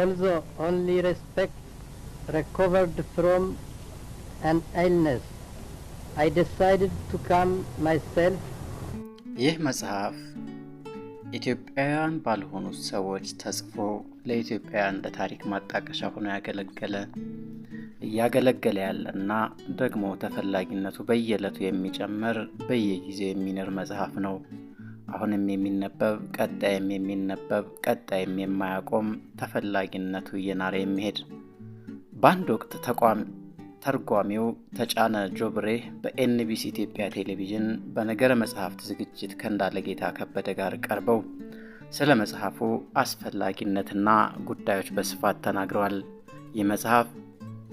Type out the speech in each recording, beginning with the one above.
also only respect recovered from an illness. I decided to come myself. ይህ መጽሐፍ ኢትዮጵያውያን ባልሆኑ ሰዎች ተጽፎ ለኢትዮጵያውያን ለታሪክ ማጣቀሻ ሆኖ ያገለገለ እያገለገለ ያለ እና ደግሞ ተፈላጊነቱ በየለቱ የሚጨምር በየጊዜው የሚንር መጽሐፍ ነው። አሁንም የሚነበብ ቀጣይም የሚነበብ ቀጣይም የማያቆም ተፈላጊነቱ እየናረ የሚሄድ በአንድ ወቅት ተርጓሚው ተጫነ ጆብሬ በኤንቢሲ ኢትዮጵያ ቴሌቪዥን በነገረ መጽሐፍት ዝግጅት ጌታ ከበደ ጋር ቀርበው ስለ መጽሐፉ አስፈላጊነትና ጉዳዮች በስፋት ተናግረዋል። ይህ መጽሐፍ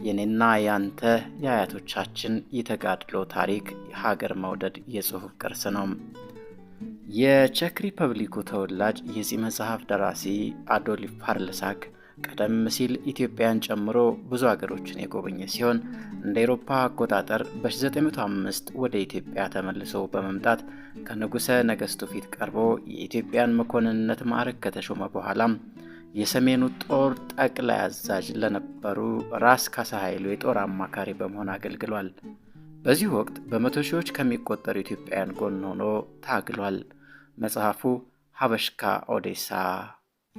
የኔና ያንተ የአያቶቻችን የተጋድሎ ታሪክ፣ የሀገር መውደድ የጽሑፍ ቅርስ ነው። የቼክ ሪፐብሊኩ ተወላጅ የዚህ መጽሐፍ ደራሲ አዶልፍ ፓርልሳክ ቀደም ሲል ኢትዮጵያን ጨምሮ ብዙ ሀገሮችን የጎበኘ ሲሆን እንደ ኤሮፓ አቆጣጠር በ1905 ወደ ኢትዮጵያ ተመልሶ በመምጣት ከንጉሠ ነገሥቱ ፊት ቀርቦ የኢትዮጵያን መኮንንነት ማዕረግ ከተሾመ በኋላም የሰሜኑ ጦር ጠቅላይ አዛዥ ለነበሩ ራስ ካሳ ኃይሉ የጦር አማካሪ በመሆን አገልግሏል። በዚህ ወቅት በመቶ ሺዎች ከሚቆጠሩ ኢትዮጵያውያን ጎን ሆኖ ታግሏል። መጽሐፉ ሀበሽካ ኦዴሳ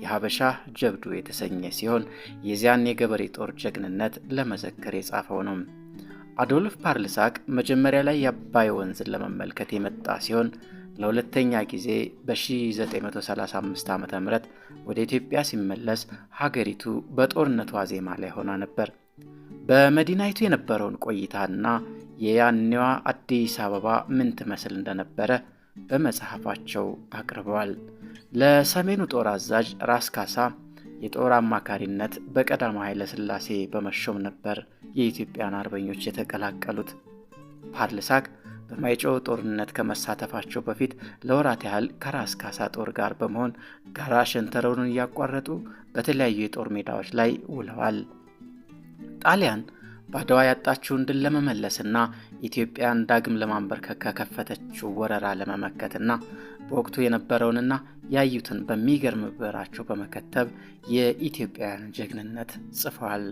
የሀበሻ ጀብዱ የተሰኘ ሲሆን የዚያን የገበሬ ጦር ጀግንነት ለመዘከር የጻፈው ነው። አዶልፍ ፓርልሳቅ መጀመሪያ ላይ የአባይ ወንዝን ለመመልከት የመጣ ሲሆን ለሁለተኛ ጊዜ በ1935 ዓ ም ወደ ኢትዮጵያ ሲመለስ ሀገሪቱ በጦርነቱ ዋዜማ ላይ ሆና ነበር። በመዲናይቱ የነበረውን ቆይታና የያኔዋ አዲስ አበባ ምን ትመስል እንደነበረ በመጽሐፋቸው አቅርበዋል። ለሰሜኑ ጦር አዛዥ ራስ ካሳ የጦር አማካሪነት በቀዳማዊ ኃይለ ሥላሴ በመሾም ነበር የኢትዮጵያን አርበኞች የተቀላቀሉት። ፓርልሳክ በማይጨው ጦርነት ከመሳተፋቸው በፊት ለወራት ያህል ከራስ ካሳ ጦር ጋር በመሆን ጋራ ሸንተረሩን እያቋረጡ በተለያዩ የጦር ሜዳዎች ላይ ውለዋል። ጣሊያን ባድዋ ያጣችውን ድል ለመመለስና ኢትዮጵያን ዳግም ለማንበርከክ ከከፈተችው ወረራ ለመመከትና በወቅቱ የነበረውንና ያዩትን በሚገርም ብዕራቸው በመከተብ የኢትዮጵያን ጀግንነት ጽፈዋል።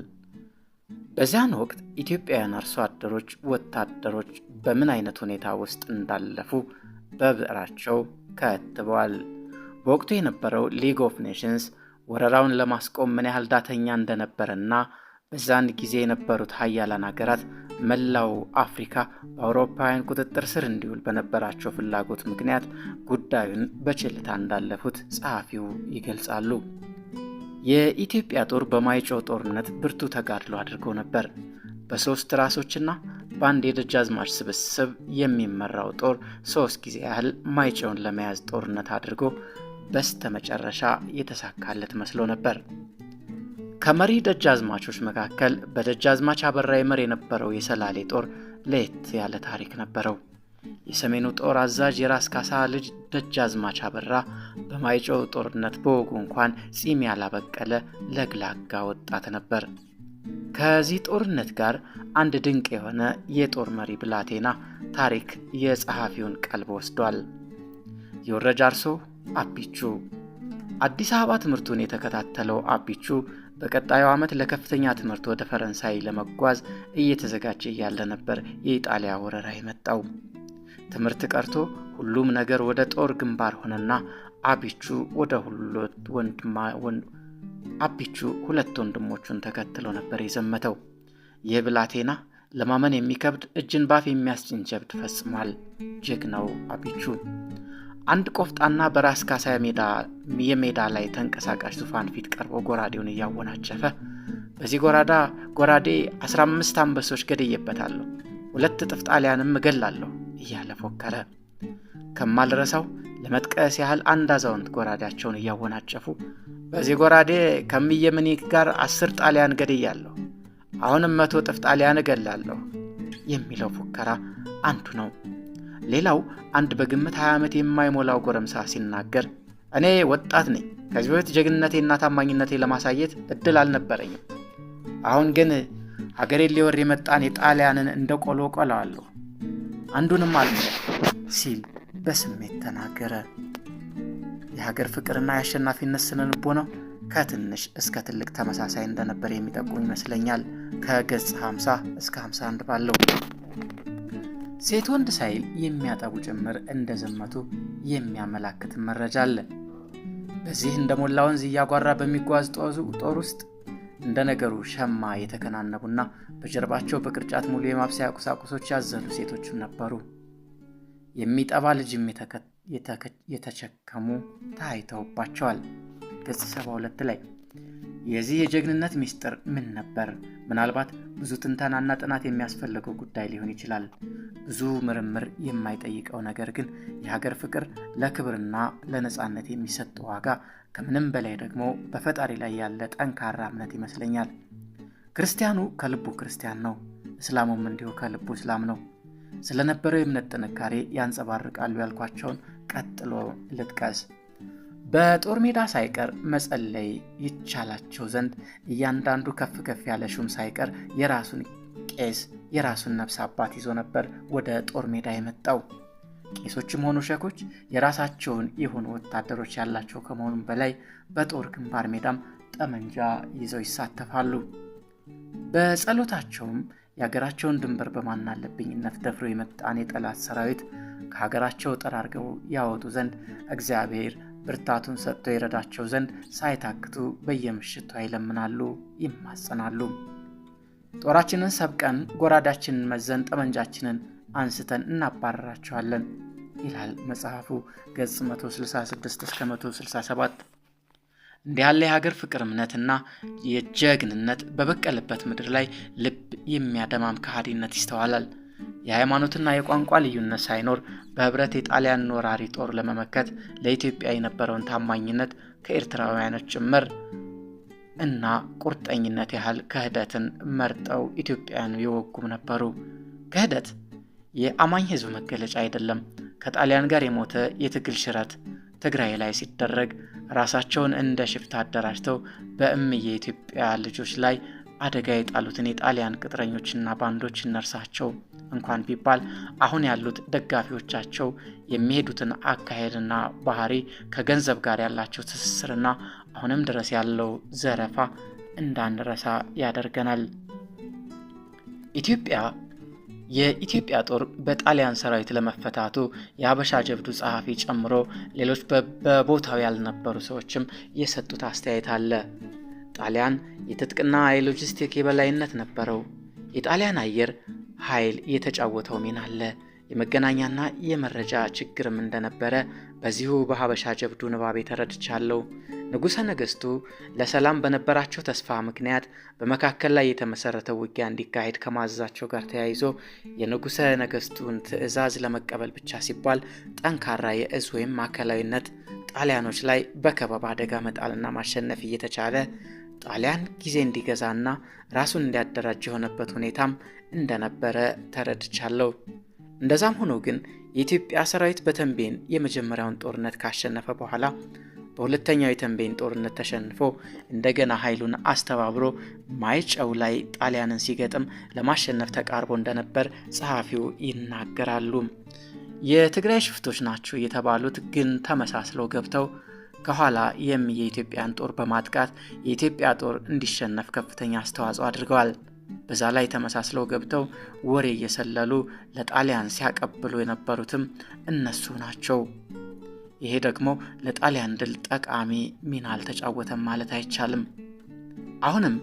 በዚያን ወቅት ኢትዮጵያውያን አርሶ አደሮች፣ ወታደሮች በምን አይነት ሁኔታ ውስጥ እንዳለፉ በብዕራቸው ከትበዋል። በወቅቱ የነበረው ሊግ ኦፍ ኔሽንስ ወረራውን ለማስቆም ምን ያህል ዳተኛ እንደነበረና በዛን ጊዜ የነበሩት ሀያላን ሀገራት መላው አፍሪካ በአውሮፓውያን ቁጥጥር ስር እንዲውል በነበራቸው ፍላጎት ምክንያት ጉዳዩን በችልታ እንዳለፉት ጸሐፊው ይገልጻሉ። የኢትዮጵያ ጦር በማይጨው ጦርነት ብርቱ ተጋድሎ አድርጎ ነበር። በሦስት ራሶችና በአንድ የደጃዝማች ስብስብ የሚመራው ጦር ሦስት ጊዜ ያህል ማይጨውን ለመያዝ ጦርነት አድርጎ በስተመጨረሻ የተሳካለት መስሎ ነበር። ከመሪ ደጃዝማቾች መካከል በደጃዝማች አበራ ይመር የነበረው የሰላሌ ጦር ለየት ያለ ታሪክ ነበረው። የሰሜኑ ጦር አዛዥ የራስ ካሳ ልጅ ደጃዝማች አበራ በማይጨው ጦርነት በወጉ እንኳን ጺም ያላበቀለ ለግላጋ ወጣት ነበር። ከዚህ ጦርነት ጋር አንድ ድንቅ የሆነ የጦር መሪ ብላቴና ታሪክ የጸሐፊውን ቀልብ ወስዷል። የወረ አርሶ አቢቹ አዲስ አበባ ትምህርቱን የተከታተለው አቢቹ በቀጣዩ ዓመት ለከፍተኛ ትምህርት ወደ ፈረንሳይ ለመጓዝ እየተዘጋጀ እያለ ነበር የኢጣሊያ ወረራ የመጣው። ትምህርት ቀርቶ ሁሉም ነገር ወደ ጦር ግንባር ሆነና አቢቹ ወደ አቢቹ ሁለት ወንድሞቹን ተከትሎ ነበር የዘመተው። ይህ ብላቴና ለማመን የሚከብድ እጅን ባፍ የሚያስጭን ጀብድ ፈጽሟል። ጀግናው አቢቹ አንድ ቆፍጣና በራስ ካሳ የሜዳ ላይ ተንቀሳቃሽ ዙፋን ፊት ቀርቦ ጎራዴውን እያወናጨፈ በዚህ ጎራዳ ጎራዴ 15 አንበሶች ገደየበታለሁ ሁለት እጥፍ ጣሊያንም እገላለሁ እያለ ፎከረ። ከማልረሳው ለመጥቀስ ያህል አንድ አዛውንት ጎራዳቸውን እያወናጨፉ በዚህ ጎራዴ ከሚዬ ጋር አስር ጣሊያን ገድያለሁ፣ አሁንም መቶ ጥፍ ጣሊያን እገላለሁ የሚለው ፉከራ አንዱ ነው። ሌላው አንድ በግምት 20 ዓመት የማይሞላው ጎረምሳ ሲናገር እኔ ወጣት ነኝ፣ ከዚህ በፊት ጀግንነቴና ታማኝነቴ ለማሳየት እድል አልነበረኝም። አሁን ግን ሀገሬን ሊወር የመጣን የጣሊያንን እንደ ቆሎ ቆለዋለሁ፣ አንዱንም አልሞ ሲል በስሜት ተናገረ። የሀገር ፍቅርና የአሸናፊነት ስነ ልቦናው ከትንሽ እስከ ትልቅ ተመሳሳይ እንደነበር የሚጠቁም ይመስለኛል። ከገጽ 50 እስከ 51 ባለው ሴት ወንድ ሳይል የሚያጠቡ ጭምር እንደዘመቱ የሚያመላክት መረጃ አለ። በዚህ እንደ ሞላ ወንዝ እያጓራ በሚጓዝ ጦር ውስጥ እንደ ነገሩ ሸማ የተከናነቡና በጀርባቸው በቅርጫት ሙሉ የማብሰያ ቁሳቁሶች ያዘሉ ሴቶችም ነበሩ። የሚጠባ ልጅም የተቸከሙ ታይተውባቸዋል። ገጽ 72 ላይ የዚህ የጀግንነት ምስጢር ምን ነበር? ምናልባት ብዙ ትንተናና ጥናት የሚያስፈልገው ጉዳይ ሊሆን ይችላል። ብዙ ምርምር የማይጠይቀው ነገር ግን የሀገር ፍቅር ለክብርና ለነፃነት የሚሰጥ ዋጋ ከምንም በላይ ደግሞ በፈጣሪ ላይ ያለ ጠንካራ እምነት ይመስለኛል። ክርስቲያኑ ከልቡ ክርስቲያን ነው፣ እስላሙም እንዲሁ ከልቡ እስላም ነው። ስለነበረው የእምነት ጥንካሬ ያንጸባርቃሉ ያልኳቸውን ቀጥሎ ልጥቀስ። በጦር ሜዳ ሳይቀር መጸለይ ይቻላቸው ዘንድ እያንዳንዱ ከፍ ከፍ ያለ ሹም ሳይቀር የራሱን ቄስ የራሱን ነፍስ አባት ይዞ ነበር ወደ ጦር ሜዳ የመጣው። ቄሶችም ሆኑ ሸኮች የራሳቸውን የሆኑ ወታደሮች ያላቸው ከመሆኑም በላይ በጦር ግንባር ሜዳም ጠመንጃ ይዘው ይሳተፋሉ። በጸሎታቸውም የሀገራቸውን ድንበር በማናለብኝነት ደፍሮ የመጣን የጠላት ሰራዊት ከሀገራቸው ጠራርገው ያወጡ ዘንድ እግዚአብሔር ብርታቱን ሰጥቶ ይረዳቸው ዘንድ ሳይታክቱ በየምሽቱ ይለምናሉ፣ ይማጸናሉ። ጦራችንን ሰብቀን ጎራዳችንን መዘን ጠመንጃችንን አንስተን እናባረራቸዋለን ይላል መጽሐፉ ገጽ 166 እስከ 167። እንዲህ ያለ የሀገር ፍቅር እምነትና የጀግንነት በበቀለበት ምድር ላይ ልብ የሚያደማም ከሃዲነት ይስተዋላል። የሃይማኖትና የቋንቋ ልዩነት ሳይኖር በህብረት የጣሊያን ወራሪ ጦር ለመመከት ለኢትዮጵያ የነበረውን ታማኝነት ከኤርትራውያኖች ጭምር እና ቁርጠኝነት ያህል ክህደትን መርጠው ኢትዮጵያን የወጉም ነበሩ። ክህደት የአማኝ ህዝብ መገለጫ አይደለም። ከጣሊያን ጋር የሞተ የትግል ሽረት ትግራይ ላይ ሲደረግ ራሳቸውን እንደ ሽፍታ አደራጅተው በእምዬ ኢትዮጵያ ልጆች ላይ አደጋ የጣሉትን የጣሊያን ቅጥረኞችና ባንዶች እነርሳቸው እንኳን ቢባል አሁን ያሉት ደጋፊዎቻቸው የሚሄዱትን አካሄድና ባህሪ ከገንዘብ ጋር ያላቸው ትስስርና አሁንም ድረስ ያለው ዘረፋ እንዳንረሳ ያደርገናል። ኢትዮጵያ የኢትዮጵያ ጦር በጣሊያን ሰራዊት ለመፈታቱ የአበሻ ጀብዱ ጸሐፊ ጨምሮ ሌሎች በቦታው ያልነበሩ ሰዎችም የሰጡት አስተያየት አለ። ጣሊያን የትጥቅና የሎጂስቲክ የበላይነት ነበረው። የጣሊያን አየር ኃይል የተጫወተው ሚና አለ። የመገናኛና የመረጃ ችግርም እንደነበረ በዚሁ በሀበሻ ጀብዱ ንባቤ ተረድቻለሁ። ንጉሠ ነገሥቱ ለሰላም በነበራቸው ተስፋ ምክንያት በመካከል ላይ የተመሠረተ ውጊያ እንዲካሄድ ከማዘዛቸው ጋር ተያይዞ የንጉሠ ነገሥቱን ትዕዛዝ ለመቀበል ብቻ ሲባል ጠንካራ የእዝ ወይም ማዕከላዊነት ጣሊያኖች ላይ በከበባ አደጋ መጣልና ማሸነፍ እየተቻለ ጣሊያን ጊዜ እንዲገዛና ራሱን እንዲያደራጅ የሆነበት ሁኔታም እንደነበረ ተረድቻለሁ። እንደዛም ሆኖ ግን የኢትዮጵያ ሰራዊት በተንቤን የመጀመሪያውን ጦርነት ካሸነፈ በኋላ በሁለተኛው የተንቤን ጦርነት ተሸንፎ እንደገና ኃይሉን አስተባብሮ ማይጨው ላይ ጣሊያንን ሲገጥም ለማሸነፍ ተቃርቦ እንደነበር ጸሐፊው ይናገራሉ። የትግራይ ሽፍቶች ናቸው የተባሉት ግን ተመሳስለው ገብተው ከኋላ ይህም የኢትዮጵያን ጦር በማጥቃት የኢትዮጵያ ጦር እንዲሸነፍ ከፍተኛ አስተዋጽኦ አድርገዋል። በዛ ላይ ተመሳስለው ገብተው ወሬ እየሰለሉ ለጣሊያን ሲያቀብሉ የነበሩትም እነሱ ናቸው። ይሄ ደግሞ ለጣሊያን ድል ጠቃሚ ሚና አልተጫወተም ማለት አይቻልም። አሁንም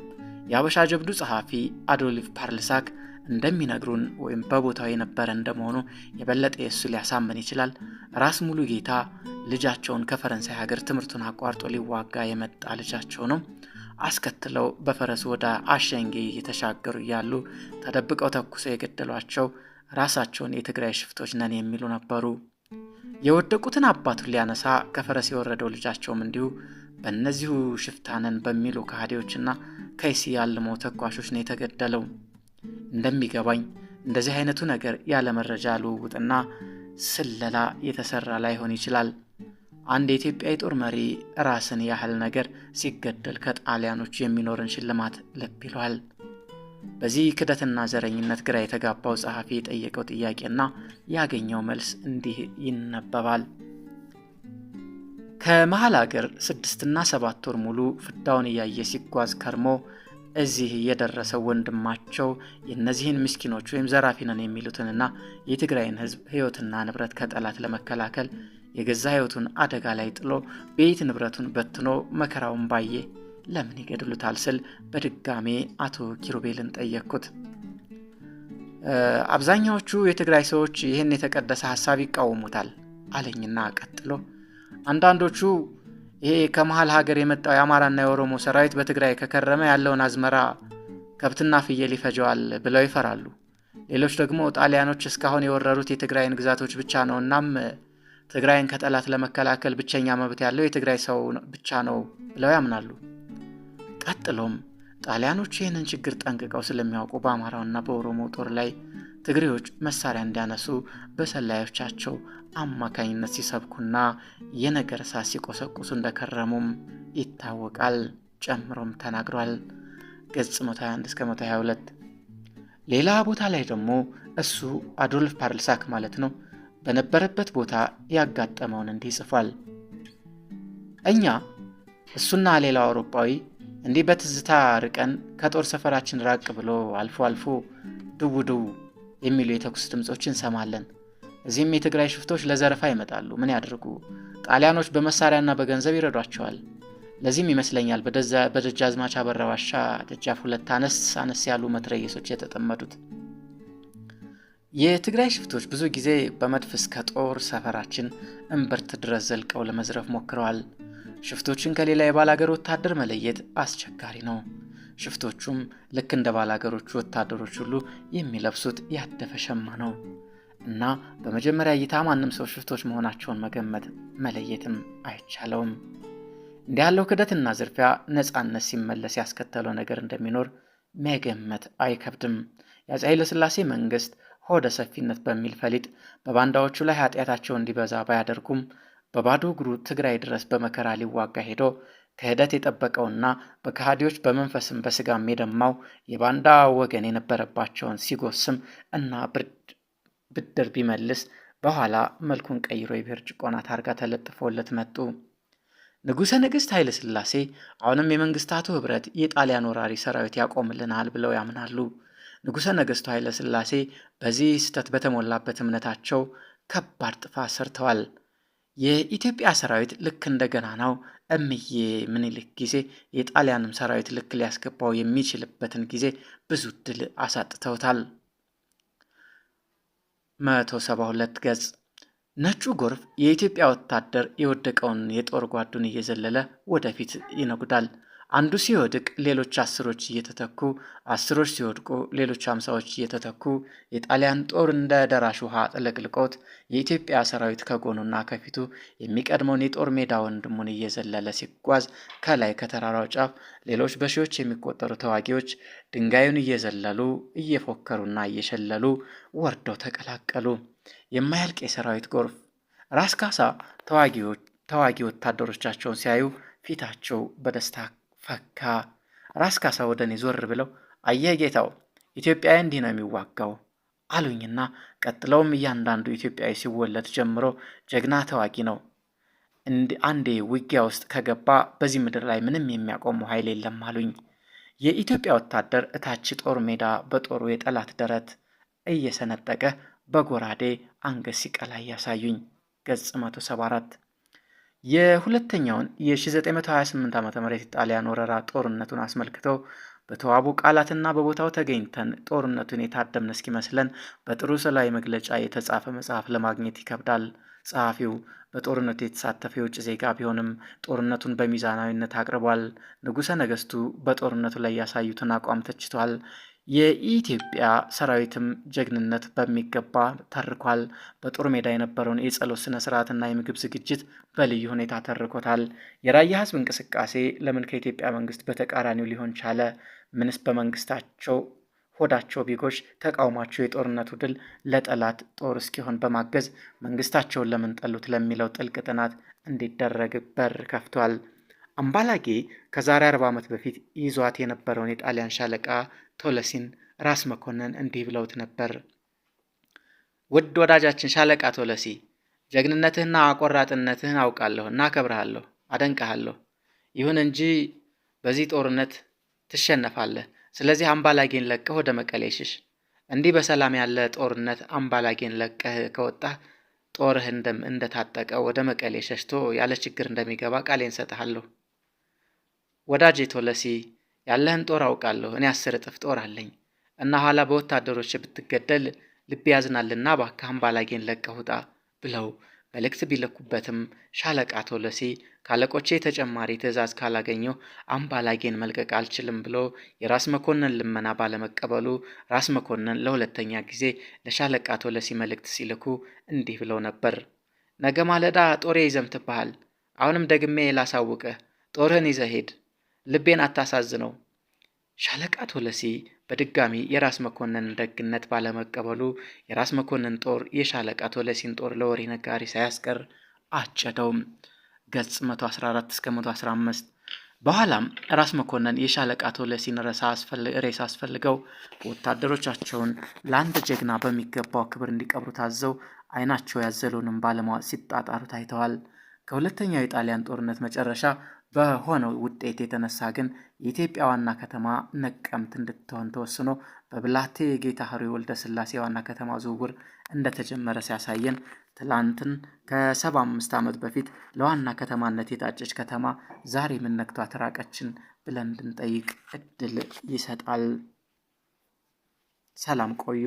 የአበሻ ጀብዱ ጸሐፊ አዶሊፍ ፓርልሳክ እንደሚነግሩን ወይም በቦታው የነበረ እንደመሆኑ የበለጠ የእሱ ሊያሳምን ይችላል። ራስ ሙሉ ጌታ ልጃቸውን ከፈረንሳይ ሀገር ትምህርቱን አቋርጦ ሊዋጋ የመጣ ልጃቸው ነው አስከትለው በፈረሱ ወደ አሸንጌ እየተሻገሩ እያሉ ተደብቀው ተኩሰው የገደሏቸው ራሳቸውን የትግራይ ሽፍቶች ነን የሚሉ ነበሩ። የወደቁትን አባቱን ሊያነሳ ከፈረስ የወረደው ልጃቸውም እንዲሁ በእነዚሁ ሽፍታነን በሚሉ ካህዴዎችና ከይሲ ያልመው ተኳሾች ነው የተገደለው። እንደሚገባኝ እንደዚህ አይነቱ ነገር ያለ መረጃ ልውውጥና ስለላ የተሰራ ላይሆን ይችላል። አንድ የኢትዮጵያ የጦር መሪ ራስን ያህል ነገር ሲገደል ከጣሊያኖች የሚኖርን ሽልማት ልብ ይሏል። በዚህ ክደትና ዘረኝነት ግራ የተጋባው ጸሐፊ የጠየቀው ጥያቄና ያገኘው መልስ እንዲህ ይነበባል። ከመሃል አገር ስድስትና ሰባት ወር ሙሉ ፍዳውን እያየ ሲጓዝ ከርሞ እዚህ የደረሰው ወንድማቸው የእነዚህን ምስኪኖች ወይም ዘራፊነን የሚሉትንና የትግራይን ህዝብ ህይወትና ንብረት ከጠላት ለመከላከል የገዛ ህይወቱን አደጋ ላይ ጥሎ ቤት ንብረቱን በትኖ መከራውን ባየ ለምን ይገድሉታል ስል በድጋሜ አቶ ኪሩቤልን ጠየቅኩት። አብዛኛዎቹ የትግራይ ሰዎች ይህን የተቀደሰ ሀሳብ ይቃወሙታል አለኝና ቀጥሎ አንዳንዶቹ ይሄ ከመሀል ሀገር የመጣው የአማራና የኦሮሞ ሰራዊት በትግራይ ከከረመ ያለውን አዝመራ ከብትና ፍየል ይፈጀዋል ብለው ይፈራሉ። ሌሎች ደግሞ ጣሊያኖች እስካሁን የወረሩት የትግራይን ግዛቶች ብቻ ነው፣ እናም ትግራይን ከጠላት ለመከላከል ብቸኛ መብት ያለው የትግራይ ሰው ብቻ ነው ብለው ያምናሉ። ቀጥሎም ጣሊያኖች ይህንን ችግር ጠንቅቀው ስለሚያውቁ በአማራውና በኦሮሞ ጦር ላይ ትግሬዎች መሳሪያ እንዲያነሱ በሰላዮቻቸው አማካኝነት ሲሰብኩና የነገር እሳት ሲቆሰቁሱ እንደከረሙም ይታወቃል። ጨምሮም ተናግሯል። ገጽ 121 እስከ 122። ሌላ ቦታ ላይ ደግሞ እሱ አዶልፍ ፓርልሳክ ማለት ነው በነበረበት ቦታ ያጋጠመውን እንዲህ ጽፏል። እኛ እሱና ሌላው አውሮፓዊ እንዲህ በትዝታ ርቀን ከጦር ሰፈራችን ራቅ ብሎ አልፎ አልፎ ድው ድው የሚሉ የተኩስ ድምፆች እንሰማለን። እዚህም የትግራይ ሽፍቶች ለዘረፋ ይመጣሉ። ምን ያድርጉ? ጣሊያኖች በመሳሪያና በገንዘብ ይረዷቸዋል። ለዚህም ይመስለኛል በደጃ አበራ አበረባሻ ደጃፍ ሁለት አነስ አነስ ያሉ መትረየሶች የተጠመዱት። የትግራይ ሽፍቶች ብዙ ጊዜ በመድፍ እስከ ጦር ሰፈራችን እንብርት ድረስ ዘልቀው ለመዝረፍ ሞክረዋል። ሽፍቶችን ከሌላ የባላገር ወታደር መለየት አስቸጋሪ ነው። ሽፍቶቹም ልክ እንደ ባላገሮቹ ወታደሮች ሁሉ የሚለብሱት ያደፈ ሸማ ነው እና በመጀመሪያ እይታ ማንም ሰው ሽፍቶች መሆናቸውን መገመት መለየትም አይቻለውም። እንዲህ ያለው ክደትና ዝርፊያ ነፃነት ሲመለስ ያስከተለው ነገር እንደሚኖር መገመት አይከብድም። የአፄ ኃይለሥላሴ መንግስት ሆደ ሰፊነት በሚል ፈሊጥ በባንዳዎቹ ላይ ኃጢአታቸው እንዲበዛ ባያደርጉም በባዶ እግሩ ትግራይ ድረስ በመከራ ሊዋጋ ሄዶ ክህደት የጠበቀውና በካሃዲዎች በመንፈስም በስጋም የደማው የባንዳ ወገን የነበረባቸውን ሲጎስም እና ብድር ቢመልስ በኋላ መልኩን ቀይሮ የብሔር ጭቆና ታርጋ ተለጥፎለት መጡ። ንጉሠ ነገሥት ኃይለ ሥላሴ አሁንም የመንግሥታቱ ኅብረት የጣሊያን ወራሪ ሰራዊት ያቆምልናል ብለው ያምናሉ። ንጉሠ ነገሥቱ ኃይለ ሥላሴ በዚህ ስህተት በተሞላበት እምነታቸው ከባድ ጥፋት ሰርተዋል። የኢትዮጵያ ሰራዊት ልክ እንደገና ነው። እምዬ ምኒልክ ጊዜ የጣሊያንም ሰራዊት ልክ ሊያስገባው የሚችልበትን ጊዜ ብዙ ድል አሳጥተውታል። መቶ ሰባ ሁለት ገጽ ነጩ ጎርፍ የኢትዮጵያ ወታደር የወደቀውን የጦር ጓዱን እየዘለለ ወደፊት ይነጉዳል። አንዱ ሲወድቅ ሌሎች አስሮች እየተተኩ አስሮች ሲወድቁ ሌሎች አምሳዎች እየተተኩ የጣሊያን ጦር እንደ ደራሽ ውሃ ጥለቅልቆት የኢትዮጵያ ሰራዊት ከጎኑና ከፊቱ የሚቀድመውን የጦር ሜዳ ወንድሙን እየዘለለ ሲጓዝ ከላይ ከተራራው ጫፍ ሌሎች በሺዎች የሚቆጠሩ ተዋጊዎች ድንጋዩን እየዘለሉ እየፎከሩና እየሸለሉ ወርደው ተቀላቀሉ። የማያልቅ የሰራዊት ጎርፍ። ራስ ካሳ ተዋጊ ወታደሮቻቸውን ሲያዩ ፊታቸው በደስታ ፈካ። ራስ ካሳ ወደ እኔ ዞር ብለው አየህ ጌታው፣ ኢትዮጵያዊ እንዲህ ነው የሚዋጋው አሉኝና ቀጥለውም እያንዳንዱ ኢትዮጵያዊ ሲወለድ ጀምሮ ጀግና ተዋጊ ነው። አንዴ ውጊያ ውስጥ ከገባ በዚህ ምድር ላይ ምንም የሚያቆመው ኃይል የለም አሉኝ። የኢትዮጵያ ወታደር እታች ጦር ሜዳ በጦሩ የጠላት ደረት እየሰነጠቀ በጎራዴ አንገት ሲቀላ ያሳዩኝ። ገጽ 174 የሁለተኛውን የ1928 ዓ ም የጣሊያን ወረራ ጦርነቱን አስመልክቶ በተዋቡ ቃላትና በቦታው ተገኝተን ጦርነቱን የታደምን እስኪመስለን በጥሩ ስዕላዊ መግለጫ የተጻፈ መጽሐፍ ለማግኘት ይከብዳል። ጸሐፊው በጦርነቱ የተሳተፈ የውጭ ዜጋ ቢሆንም ጦርነቱን በሚዛናዊነት አቅርቧል። ንጉሠ ነገሥቱ በጦርነቱ ላይ ያሳዩትን አቋም ተችቷል። የኢትዮጵያ ሰራዊትም ጀግንነት በሚገባ ተርኳል። በጦር ሜዳ የነበረውን የጸሎት ስነ ስርዓትና የምግብ ዝግጅት በልዩ ሁኔታ ተርኮታል። የራያ ህዝብ እንቅስቃሴ ለምን ከኢትዮጵያ መንግስት በተቃራኒው ሊሆን ቻለ? ምንስ በመንግስታቸው ሆዳቸው ቢጎሽ ተቃውሟቸው የጦርነቱ ድል ለጠላት ጦር እስኪሆን በማገዝ መንግስታቸውን ለምን ጠሉት ለሚለው ጥልቅ ጥናት እንዲደረግ በር ከፍቷል። አምባላጌ ከዛሬ 40 ዓመት በፊት ይዟት የነበረውን የጣሊያን ሻለቃ ቶለሲን ራስ መኮንን እንዲህ ብለውት ነበር። ውድ ወዳጃችን ሻለቃ ቶለሲ፣ ጀግንነትህና አቆራጥነትህን አውቃለሁ፣ እናከብርሃለሁ፣ አደንቀሃለሁ። ይሁን እንጂ በዚህ ጦርነት ትሸነፋለህ። ስለዚህ አምባላጌን ለቀህ ወደ መቀሌ ሽሽ። እንዲህ በሰላም ያለ ጦርነት አምባላጌን ለቀህ ከወጣህ ጦርህ እንደታጠቀ ወደ መቀሌ ሸሽቶ ያለ ችግር እንደሚገባ ቃሌን ሰጥሃለሁ። ወዳጄ ቶለሲ ያለህን ጦር አውቃለሁ። እኔ አስር እጥፍ ጦር አለኝ እና ኋላ በወታደሮች ብትገደል ልብ ያዝናልና እባክህ አምባላጌን ለቀሁጣ ብለው መልእክት ቢለኩበትም ሻለቃ ቶለሲ ካለቆቼ ተጨማሪ ትእዛዝ ካላገኘሁ አምባላጌን መልቀቅ አልችልም ብሎ የራስ መኮንን ልመና ባለመቀበሉ ራስ መኮንን ለሁለተኛ ጊዜ ለሻለቃ ቶለሲ መልእክት ሲልኩ እንዲህ ብለው ነበር። ነገ ማለዳ ጦሬ ይዘምትብሃል። አሁንም ደግሜ ላሳውቅህ፣ ጦርህን ይዘህ ሂድ። ልቤን አታሳዝነው። ሻለቃ ቶለሲ በድጋሚ የራስ መኮንን ደግነት ባለመቀበሉ የራስ መኮንን ጦር የሻለቃ ቶለሲን ጦር ለወሬ ነጋሪ ሳያስቀር አጨደውም። ገጽ 114 እስከ 115 በኋላም ራስ መኮንን የሻለቃ ቶለሲን ሬሳ አስፈልገው ወታደሮቻቸውን ለአንድ ጀግና በሚገባው ክብር እንዲቀብሩ ታዘው አይናቸው ያዘለውንም ባለማወቅ ሲጣጣሩ ታይተዋል። ከሁለተኛው የጣሊያን ጦርነት መጨረሻ በሆነ ውጤት የተነሳ ግን የኢትዮጵያ ዋና ከተማ ነቀምት እንድትሆን ተወስኖ በብላቴ የጌታ ሕሩይ ወልደ ስላሴ ዋና ከተማ ዝውውር እንደተጀመረ ሲያሳየን ትላንትን ከ75 ዓመት በፊት ለዋና ከተማነት የታጨች ከተማ ዛሬ ምን ነክቷት ብለን እንድንጠይቅ እድል ይሰጣል። ሰላም ቆዩ።